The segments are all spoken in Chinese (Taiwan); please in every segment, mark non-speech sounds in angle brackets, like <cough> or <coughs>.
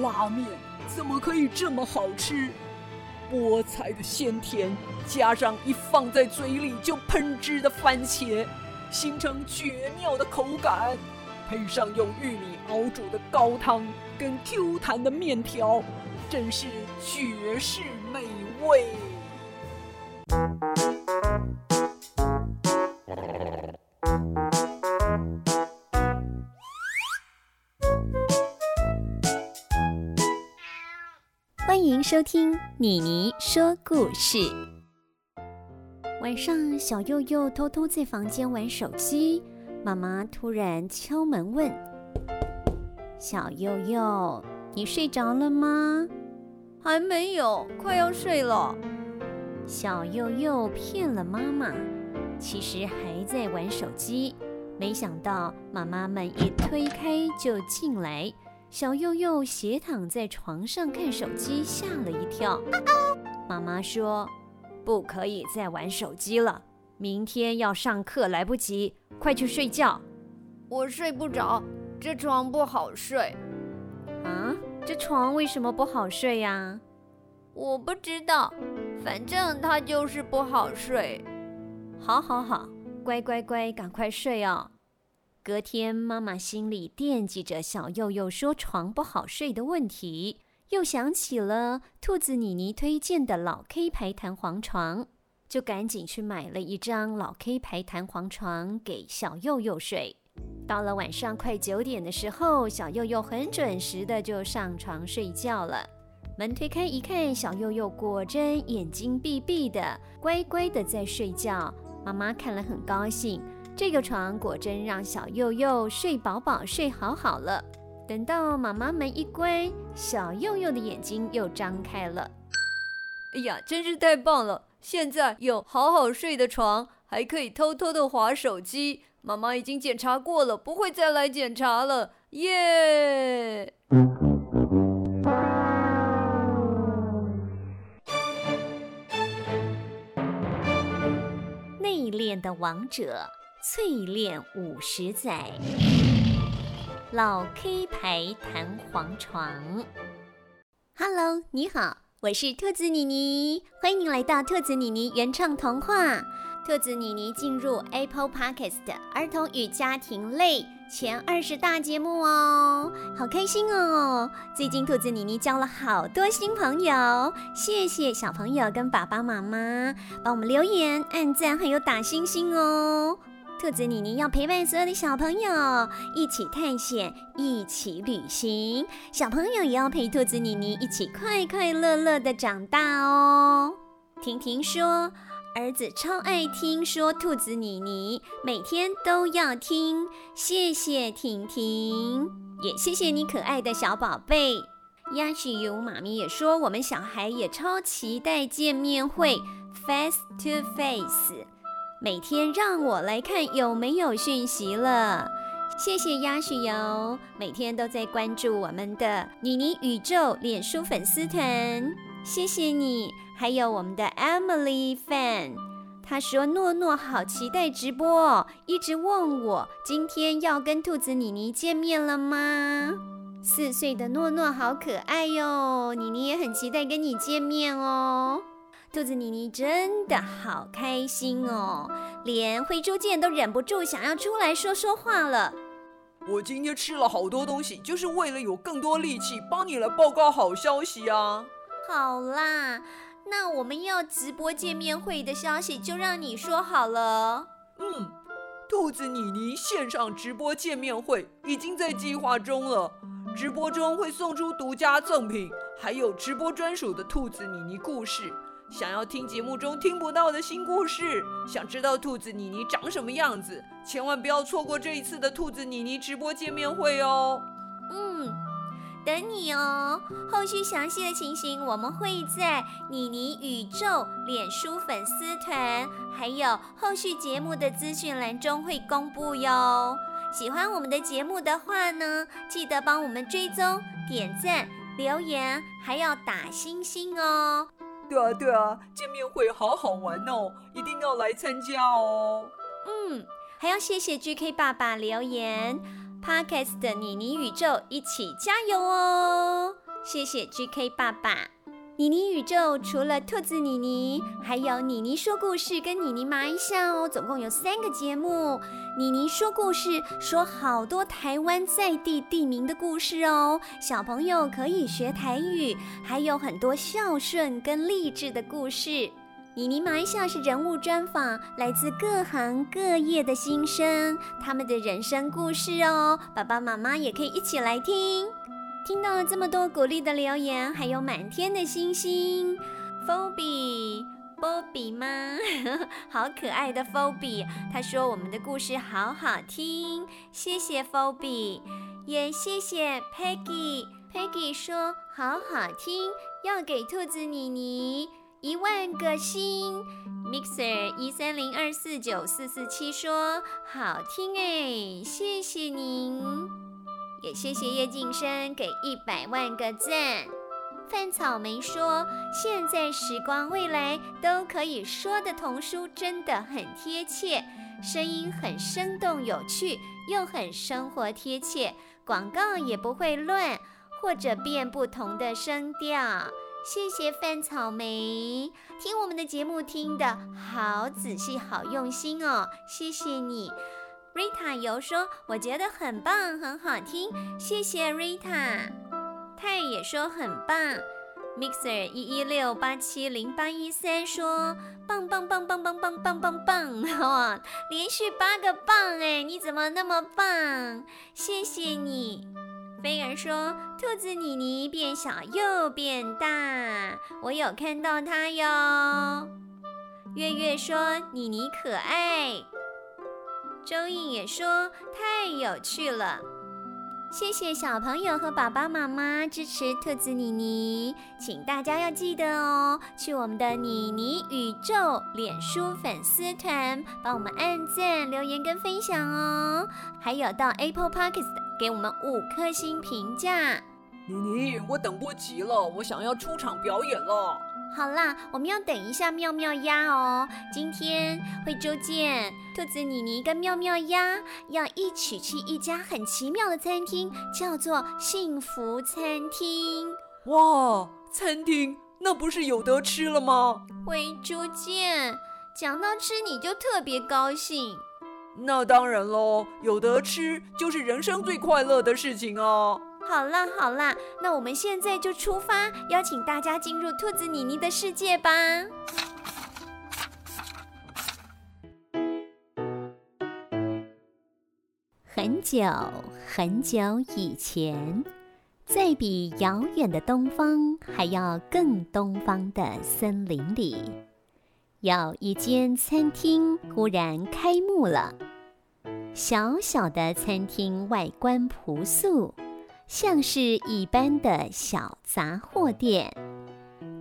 拉麵怎麼可以這麼好吃？菠菜的鮮甜，加上一放在嘴裡就噴汁的番茄，形成絕妙的口感。配上用玉米熬煮的高湯跟 Q 彈的麵條，真是絕世美味。收聽妮妮說故事。晚上，小佑佑偷偷在房間玩手機，媽媽突然敲門問：“小佑佑，你睡着了嗎？”“還沒有，快要睡了。”小佑佑騙了媽媽，其實還在玩手機。沒想到媽媽門一推開就進來。小右右斜躺在床上看手機，嚇了一跳。媽媽說：“不可以再玩手機了，明天要上課，來不及，快去睡覺。”我睡不着，這床不好睡。啊，這床為什麼不好睡呀、啊？我不知道，反正它就是不好睡。好，好，好，乖乖，乖，趕快睡哦。隔天，媽媽心裡惦記着小佑佑說床不好睡的問題，又想起了兔子妮妮推薦的老 K 牌彈簧床，就趕緊去買了一張老 K 牌彈簧床給小佑佑睡。到了晚上快九點的時候，小佑佑很準時的就上床睡覺了。門推開一看，小佑佑果真眼睛閉閉的，乖乖的在睡覺。媽媽看了很高興。這個床果真讓小又又睡飽飽、睡好好了。等到媽媽門一關，小又又的眼睛又張開了。哎呀，真是太棒了！現在有好好睡的床，還可以偷偷的滑手機。媽媽已經檢查過了，不會再來檢查了。耶、yeah!！內斂的王者。淬煉五十載，老 K 牌彈簧床。Hello，你好，我是兔子妮妮，歡迎來到兔子妮妮原創童話。兔子妮妮進入 Apple Podcast 的兒童與家庭類前二十大節目哦，好開心哦！最近兔子妮妮交了好多新朋友，謝謝小朋友跟爸爸媽媽幫我們留言、按讚還有打星星哦！兔子妮妮要陪伴所有的小朋友一起探險、一起旅行，小朋友也要陪兔子妮妮一起快快樂樂的長大哦。婷婷說，兒子超愛聽說兔子妮妮，每天都要聽。謝謝婷婷，也謝謝你可愛的小寶貝。鴨許友媽咪也說，我們小孩也超期待見面會，face to face。每天讓我來看有沒有訊息了，謝謝鴨旭瑤，每天都在關注我們的妮妮宇宙臉書粉絲團，謝謝你，還有我們的 Emily fan，她說諾諾好期待直播，一直問我今天要跟兔子妮妮見面了嗎？四歲的諾諾好可愛喲，妮妮也很期待跟你見面哦。兔子妮妮真的好開心哦，連灰豬見都忍不住想要出來說說話了。我今天吃了好多東西，就是為了有更多力氣幫你來報告好消息啊！好啦，那我們要直播見面會的消息就讓你說好了。嗯，兔子妮妮線上直播見面會已經在計劃中了，直播中會送出獨家贈品，還有直播專屬的兔子妮妮故事。想要聽節目中聽不到的新故事，想知道兔子妮妮長什麼樣子，千萬不要錯過這一次的兔子妮妮直播見面會哦！嗯，等你哦。後續詳細的情形，我們會在妮妮宇宙臉書粉絲團，還有後續節目的資訊欄中會公布喲。喜歡我們的節目的話呢，記得幫我們追蹤、點讚、留言，還要打星星哦！對啊，對啊，見面會好好玩哦，一定要來參加哦。嗯，還要謝謝 GK 爸爸留言，Podcast 的妮妮宇宙一起加油哦，謝謝 GK 爸爸。妮妮宇宙除了兔子妮妮，還有妮妮說故事跟妮妮麻一下哦，總共有三個節目。妮妮說故事說好多台灣在地地名的故事哦，小朋友可以學台語，還有很多孝順跟勵志的故事。妮妮麻一下是人物專訪，來自各行各業的新生，他們的人生故事哦，爸爸媽媽也可以一起來聽。聽到了這麼多鼓勵的留言，還有滿天的星星。Foby，Poby 嗎？Ie, <laughs> 好可愛的 Foby 他說我們的故事好好聽，謝謝 Foby。也謝謝 Peggy，Peggy 說好好聽，要給兔子妮妮一萬個心，mixer 一三零二四九四四七說好聽誒，謝謝您。也謝謝葉靜生給一百萬個贊。范草莓說：“現在時光未來都可以說的童書真的很貼切，聲音很生動有趣，又很生活貼切，廣告也不會亂或者變不同的聲調。”謝謝范草莓，聽我們的節目聽得好仔細，好用心哦，謝謝你。Rita 有說：“我覺得很棒，很好聽，謝謝 Rita。”太也說：“很棒。” Mixer 一一六八七零八一三說：“棒棒棒棒棒棒棒棒棒哇，連續八個棒！哎，你怎麼那麼棒？謝謝你。”菲兒說：“兔子妮妮變小又變大，我有看到它喲。”月月說：“妮妮可愛。”周印也說，太有趣了，謝謝小朋友和爸爸媽媽支持兔子妮妮。請大家要記得哦，去我們的妮妮宇宙臉書粉絲團幫我們按讚、留言跟分享哦，還有到 Apple Podcast 給我們五顆星評價。妮妮，我等不及了，我想要出場表演了。好啦，我們要等一下妙妙鴨哦。今天惠州見，兔子妮妮跟妙妙鴨要一起去一家很奇妙的餐廳，叫做幸福餐廳。哇，餐廳那不是有得吃了嗎？喂，惠州見，講到吃你就特別高興。那當然嘍，有得吃就是人生最快樂的事情哦、啊。好啦好啦，那我們現在就出發，邀請大家進入兔子妮妮的世界吧。很久很久以前，在比遙遠的東方還要更東方的森林裡，有一間餐廳忽然開幕了。小小的餐廳外觀樸素，像是一般的小雜貨店，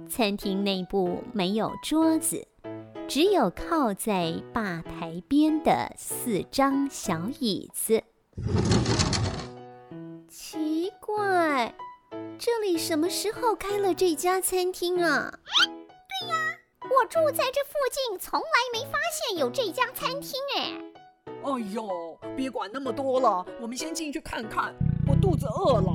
餐廳內部沒有桌子，只有靠在吧台邊的四張小椅子。奇怪，這裡什麼時候開了這家餐廳啊？對呀、啊，我住在這附近，從來沒發現有這家餐廳哎、啊。哎呦，別管那麼多了，我們先進去看看。肚子餓了。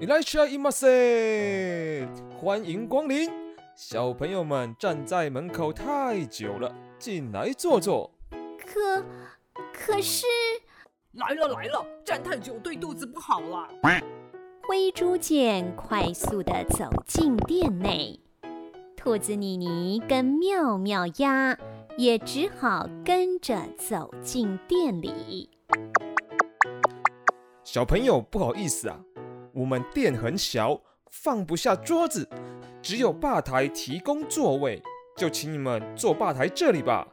e l i h 歡迎光臨。小朋友們站在門口太久了，進來坐坐。可可是，來了來了，站太久對肚子不好了。灰豬見快速的走進店內，兔子妮妮跟妙妙鴨也只好跟着走進店裡。小朋友，不好意思啊，我們店很小，放不下桌子，只有吧台提供座位，就請你們坐吧台這裡吧。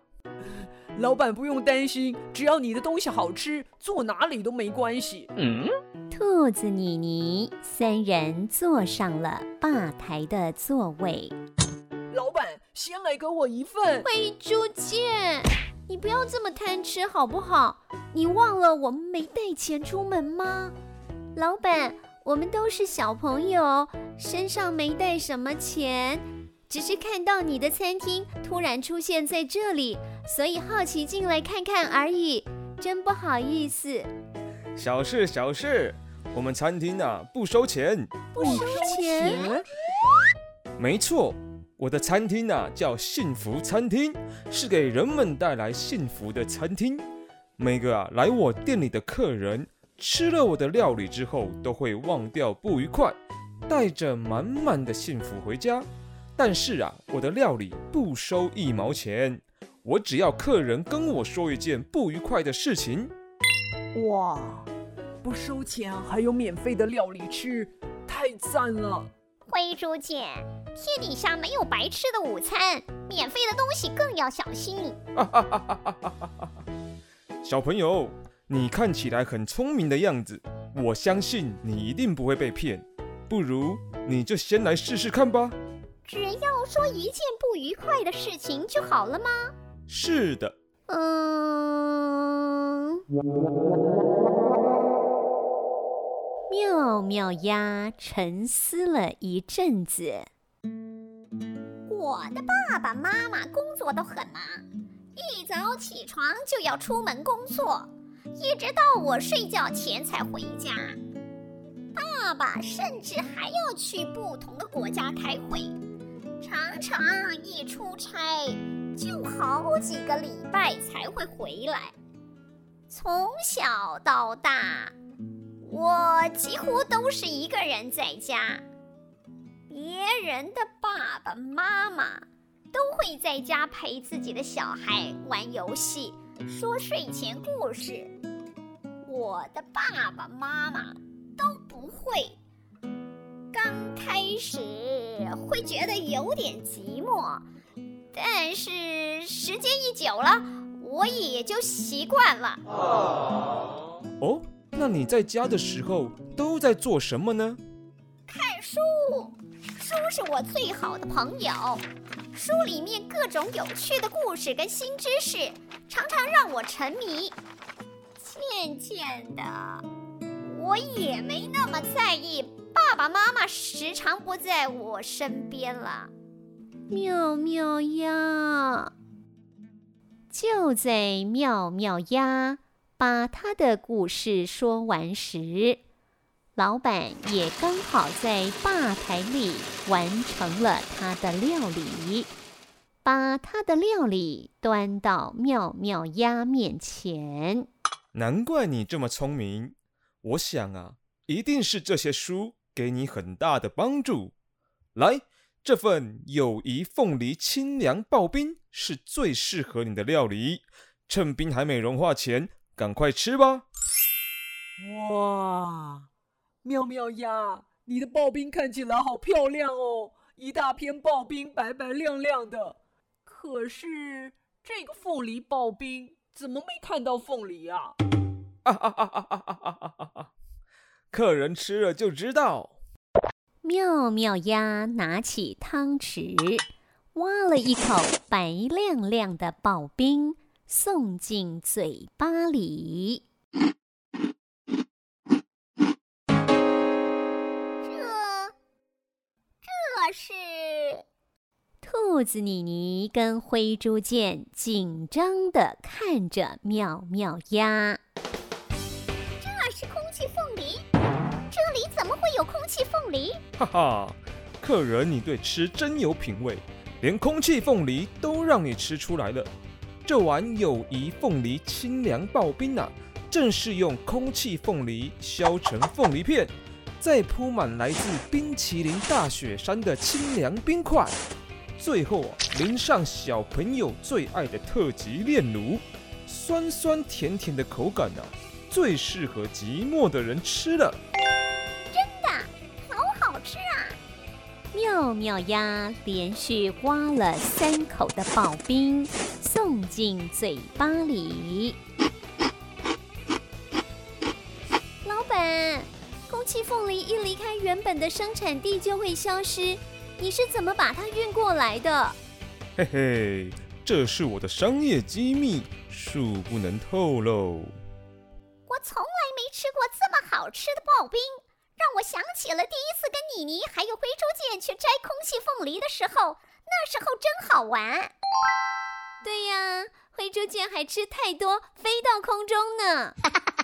老闆不用擔心，只要你的東西好吃，坐哪裡都沒關係。嗯，兔子妮妮三人坐上了吧台的座位。老闆，先來給我一份。喂，豬劍，你不要這麼貪吃好不好？你忘了我們沒帶錢出門嗎？老闆，我們都是小朋友，身上沒帶什麼錢，只是看到你的餐廳突然出現在這裡，所以好奇進來看看而已，真不好意思。小事小事，我們餐廳啊不收錢。不收錢？沒錯，我的餐廳啊叫幸福餐廳，是給人們帶來幸福的餐廳。每個啊，來我店裡的客人吃了我的料理之後，都會忘掉不愉快，帶着滿滿的幸福回家。但是啊，我的料理不收一毛錢，我只要客人跟我說一件不愉快的事情。哇，不收錢還有免費的料理吃，太贊了！灰豬姐，天底下沒有白吃的午餐，免費的東西更要小心。哈。 <laughs> 小朋友，你看起來很聰明的樣子，我相信你一定不會被騙。不如你就先來試試看吧。只要說一件不愉快的事情就好了嗎？是的。嗯。妙妙呀，沉思了一陣子。我的爸爸媽媽工作都很忙。一早起床就要出門工作，一直到我睡覺前才回家。爸爸甚至還要去不同的國家開會，常常一出差就好幾個禮拜才會回來。從小到大，我幾乎都是一個人在家，別人的爸爸媽媽。都會在家陪自己的小孩玩遊戲，說睡前故事。我的爸爸媽媽都不會。剛開始會覺得有點寂寞，但是時間一久了，我也就習慣了。哦，哦，那你在家的時候都在做什麼呢？看書，書是我最好的朋友。書裡面各種有趣的故事跟新知識，常常讓我沉迷。漸漸的，我也沒那麼在意爸爸媽媽時常不在我身邊了。妙妙鴨，就在妙妙鴨把他的故事說完時。老闆也剛好在吧台裡完成了他的料理，把他的料理端到妙妙鴨面前。難怪你這麼聰明，我想啊，一定是這些書給你很大的幫助。來，這份友誼鳳梨清涼刨冰是最適合你的料理，趁冰還沒融化前，趕快吃吧。哇！妙妙鴨，你的刨冰看起來好漂亮哦，一大片刨冰白白亮亮的。可是這個鳳梨刨冰怎麼沒看到鳳梨啊？哈哈哈哈哈哈！哈、啊、哈！哈、啊、哈！哈、啊、哈！客人吃了就知道。妙妙鴨，拿起湯匙，挖了一口白亮亮的刨冰，送進嘴巴裡。 <coughs> 兔子妮妮跟灰豬劍緊張地看着妙妙鴨。這是空氣鳳梨，這裡怎麼會有空氣鳳梨？哈哈，客人你對吃真有品味，連空氣鳳梨都讓你吃出來了。這碗友誼鳳梨清涼刨冰啊，正是用空氣鳳梨削成鳳梨片，再鋪滿來自冰淇淋大雪山的清涼冰塊。最後啊，淋上小朋友最愛的特級煉乳，酸酸甜甜的口感呢、啊，最適合寂寞的人吃了。真的，好好吃啊！妙妙鴨連續挖了三口的刨冰，送進嘴巴裡。老板，空氣鳳梨一離開原本的生產地就會消失。你是怎麼把它運過來的？嘿嘿，這是我的商業機密，恕不能透露。我從來沒吃過這麼好吃的刨冰，讓我想起了第一次跟妮妮還有灰豬姐去摘空氣鳳梨的時候，那時候真好玩。對呀，灰豬姐還吃太多飛到空中呢。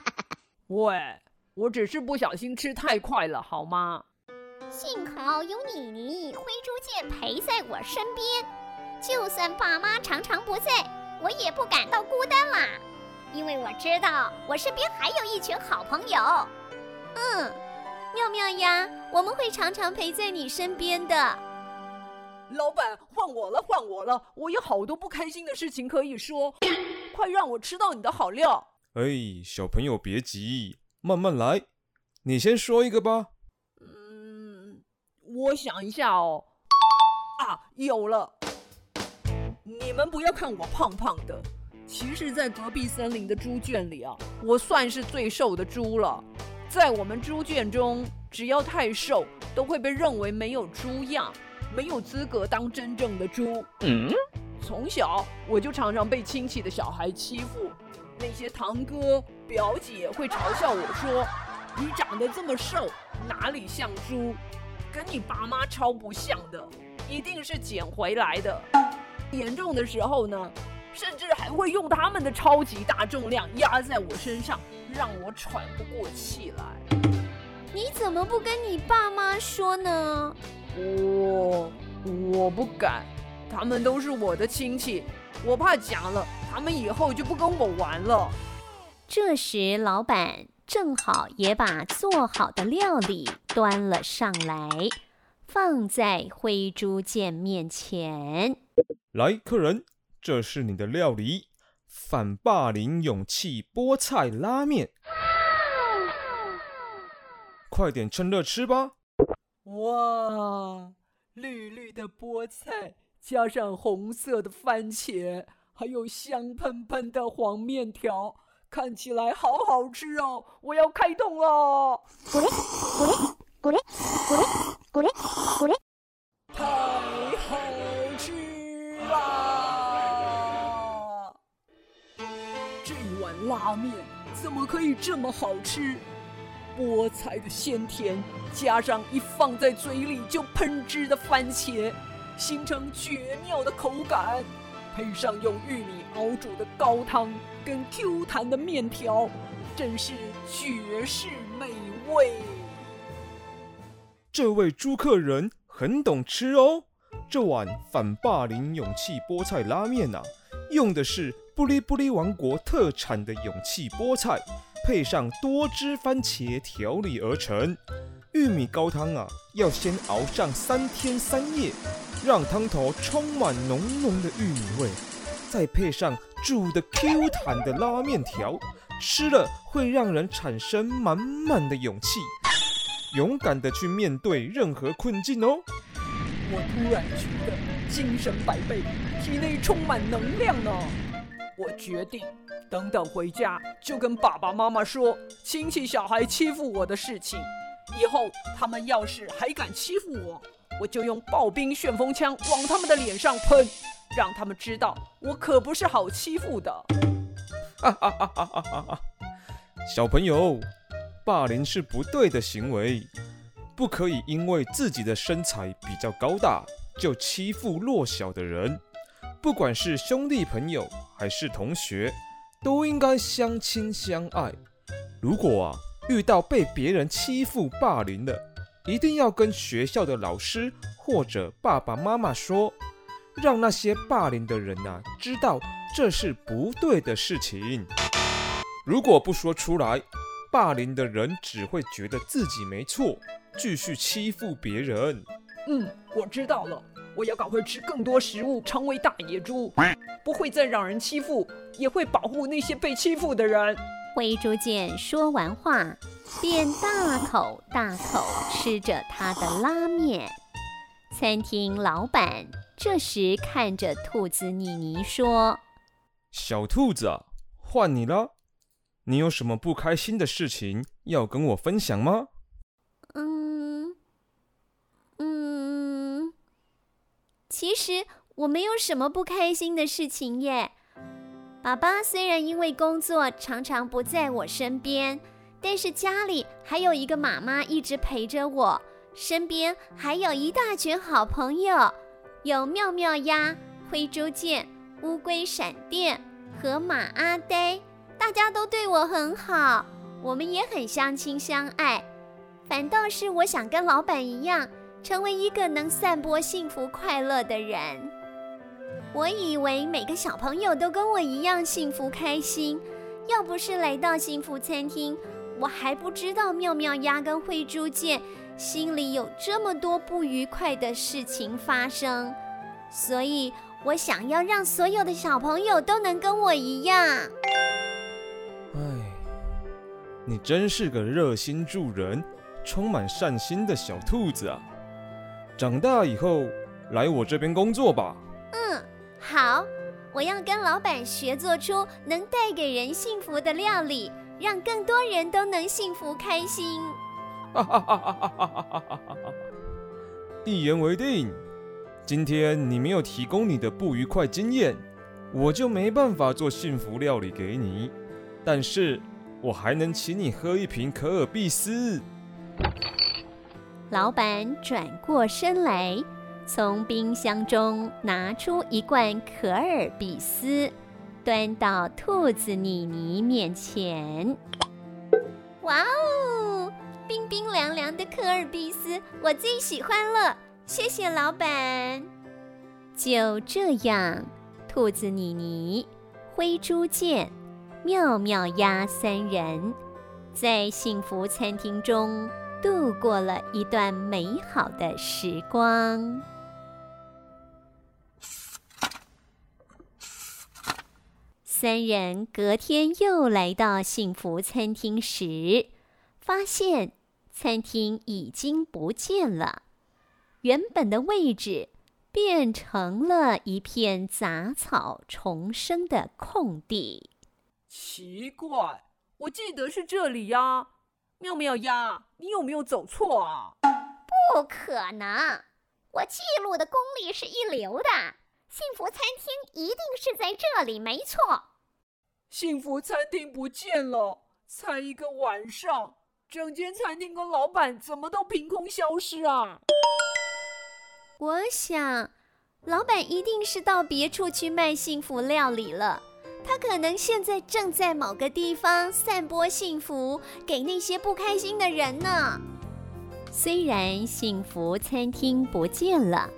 <laughs> 喂，我只是不小心吃太快了，好嗎？幸好有妮妮，妮妮灰豬劍陪在我身邊，就算爸媽常常不在，我也不感到孤單啦。因為我知道我身邊還有一群好朋友。嗯，妙妙呀，我們會常常陪在你身邊的。老闆，換我了，換我了，我有好多不開心的事情可以說， <coughs> 快讓我吃到你的好料。哎，小朋友別急，慢慢來，你先說一個吧。我想一下哦，啊，有了！你們不要看我胖胖的，其實，在隔壁森林的豬圈裡啊，我算是最瘦的豬了。在我們豬圈中，只要太瘦，都會被認為沒有豬樣，沒有資格當真正的豬。從小，我就常常被親戚的小孩欺負，那些堂哥、表姐會嘲笑我說：“你長得這麼瘦，哪裡像豬？”跟你爸媽超不像的，一定是撿回來的。嚴重的時候呢，甚至還會用他們的超級大重量壓在我身上，讓我喘不過氣來。你怎麼不跟你爸媽說呢？我我不敢，他們都是我的親戚，我怕講了他們以後就不跟我玩了。這時老板。正好也把做好的料理端了上來，放在灰豬見面前。來，客人，這是你的料理——反霸凌勇氣菠菜拉麵， <laughs> 快點趁熱吃吧！哇，綠綠的菠菜，加上紅色的番茄，還有香噴噴的黃麵條。看起來好好吃哦，我要開動了！咕嚕咕嚕咕嚕咕嚕咕嚕咕嚕，太好吃啦！這碗拉麵怎麼可以這麼好吃？菠菜的鮮甜，加上一放在嘴裡就噴汁的番茄，形成絕妙的口感。配上用玉米熬煮的高湯跟 Q 彈的麵條，真是絕世美味。這位豬客人很懂吃哦，這碗反霸凌勇氣菠菜拉麵啊，用的是布利布利王國特產的勇氣菠菜，配上多汁番茄調理而成。玉米高湯啊，要先熬上三天三夜。讓湯頭充滿濃濃的玉米味，再配上煮的 Q 彈的拉麵條，吃了會讓人產生滿滿的勇氣，勇敢地去面對任何困境哦。我突然覺得精神百倍，體內充滿能量呢。我決定，等等回家就跟爸爸媽媽說親戚小孩欺負我的事情，以後他們要是還敢欺負我。我就用暴冰旋風槍往他們的臉上噴，讓他們知道我可不是好欺負的。哈哈哈哈哈！小朋友，霸凌是不對的行為，不可以因為自己的身材比較高大就欺負弱小的人。不管是兄弟朋友還是同學，都應該相親相愛。如果啊，遇到被別人欺負霸凌的。一定要跟學校的老師或者爸爸媽媽說，讓那些霸凌的人吶、啊、知道這是不對的事情。如果不說出來，霸凌的人只會覺得自己沒錯，繼續欺負別人。嗯，我知道了，我要趕快吃更多食物，成為大野豬，嗯、不會再讓人欺負，也會保護那些被欺負的人。灰豬劍說完話，便大口大口吃着他的拉麵。餐廳老闆這時看着兔子妮妮說：“小兔子，換你了。你有什麼不開心的事情要跟我分享嗎？”“嗯嗯，其實我沒有什麼不開心的事情耶。爸爸雖然因為工作常常不在我身邊。”但是家裡還有一個媽媽一直陪着我，身邊還有一大群好朋友，有妙妙鴨、灰豬艦、烏龜閃電、河馬阿呆，大家都對我很好，我們也很相親相愛。反倒是我想跟老板一樣，成為一個能散播幸福快樂的人。我以為每個小朋友都跟我一樣幸福開心，要不是來到幸福餐廳，我還不知道妙妙鴨跟灰豬見，心裡有這麼多不愉快的事情發生，所以我想要讓所有的小朋友都能跟我一樣。哎，你真是個熱心助人、充滿善心的小兔子啊！長大以後來我這邊工作吧。嗯，好，我要跟老闆學做出能帶給人幸福的料理。讓更多人都能幸福開心。 <laughs> 一言為定。今天你沒有提供你的不愉快經驗，我就沒辦法做幸福料理給你。但是，我還能請你喝一瓶可爾必思。老闆轉過身來，從冰箱中拿出一罐可爾必思。端到兔子妮妮面前。哇哦，冰冰涼涼的可爾必思，我最喜歡了！謝謝老闆。就這樣，兔子妮妮、灰豬健、妙妙鴨三人，在幸福餐廳中度過了一段美好的時光。三人隔天又來到幸福餐廳時，發現餐廳已經不見了，原本的位置變成了一片雜草叢生的空地。奇怪，我記得是這裡呀。啊，妙妙呀，你有沒有走錯啊？不可能，我記錄的功力是一流的，幸福餐廳一定是在這裡，沒錯。幸福餐廳不見了！才一個晚上，整間餐廳跟老闆怎麼都憑空消失啊？我想，老闆一定是到別處去賣幸福料理了。他可能現在正在某個地方散播幸福給那些不開心的人呢。雖然幸福餐廳不見了，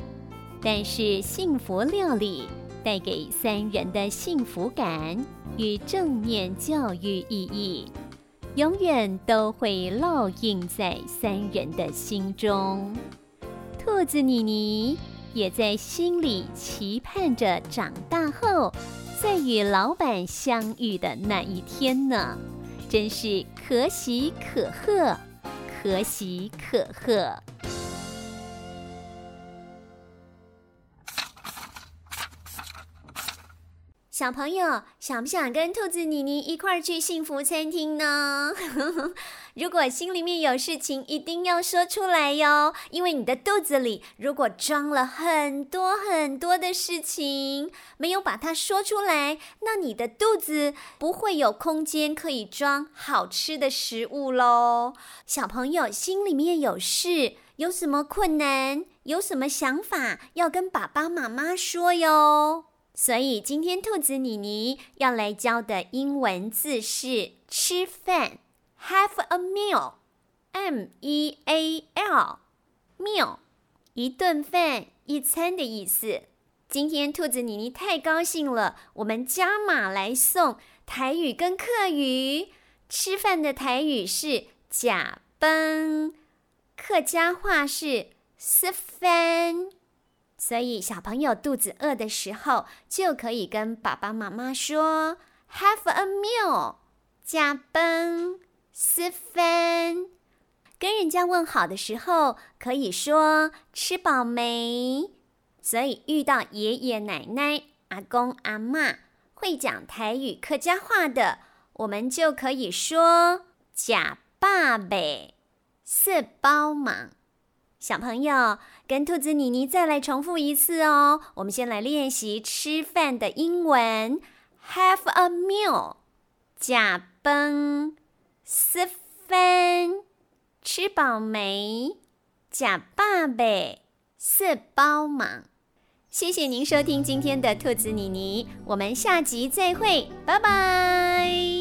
但是幸福料理。帶給三人的幸福感與正面教育意義，永遠都會烙印在三人的心中。兔子妮妮也在心裡期盼着長大後，再與老闆相遇的那一天呢，真是可喜可賀，可喜可賀。小朋友，想不想跟兔子妮妮一塊兒去幸福餐廳呢？ <laughs> 如果心裡面有事情，一定要說出來喲。因為你的肚子裡如果裝了很多很多的事情，沒有把它說出來，那你的肚子不會有空間可以裝好吃的食物嘍。小朋友，心裡面有事，有什麼困難，有什麼想法，要跟爸爸媽媽說喲。所以今天兔子妮妮要來教的英文字是吃飯，have a meal，m e a l，meal，一頓飯、一餐的意思。今天兔子妮妮太高興了，我們加碼來送台語跟客語，吃飯的台語是甲奔，客家話是食飯。所以小朋友肚子餓的時候，就可以跟爸爸媽媽說 “Have a meal”。加奔四分。跟人家問好的時候，可以說“吃飽沒”。所以遇到爺爺奶奶、阿公阿嬤會講台語、客家話的，我們就可以說“假爸唄，四幫忙”。小朋友。跟兔子妮妮再來重複一次哦！我們先來練習吃飯的英文，Have a meal，假崩，吃飯，四分，吃飽沒？假霸唄，四包嘛？謝謝您收聽今天的兔子妮妮，我們下集再會，拜拜。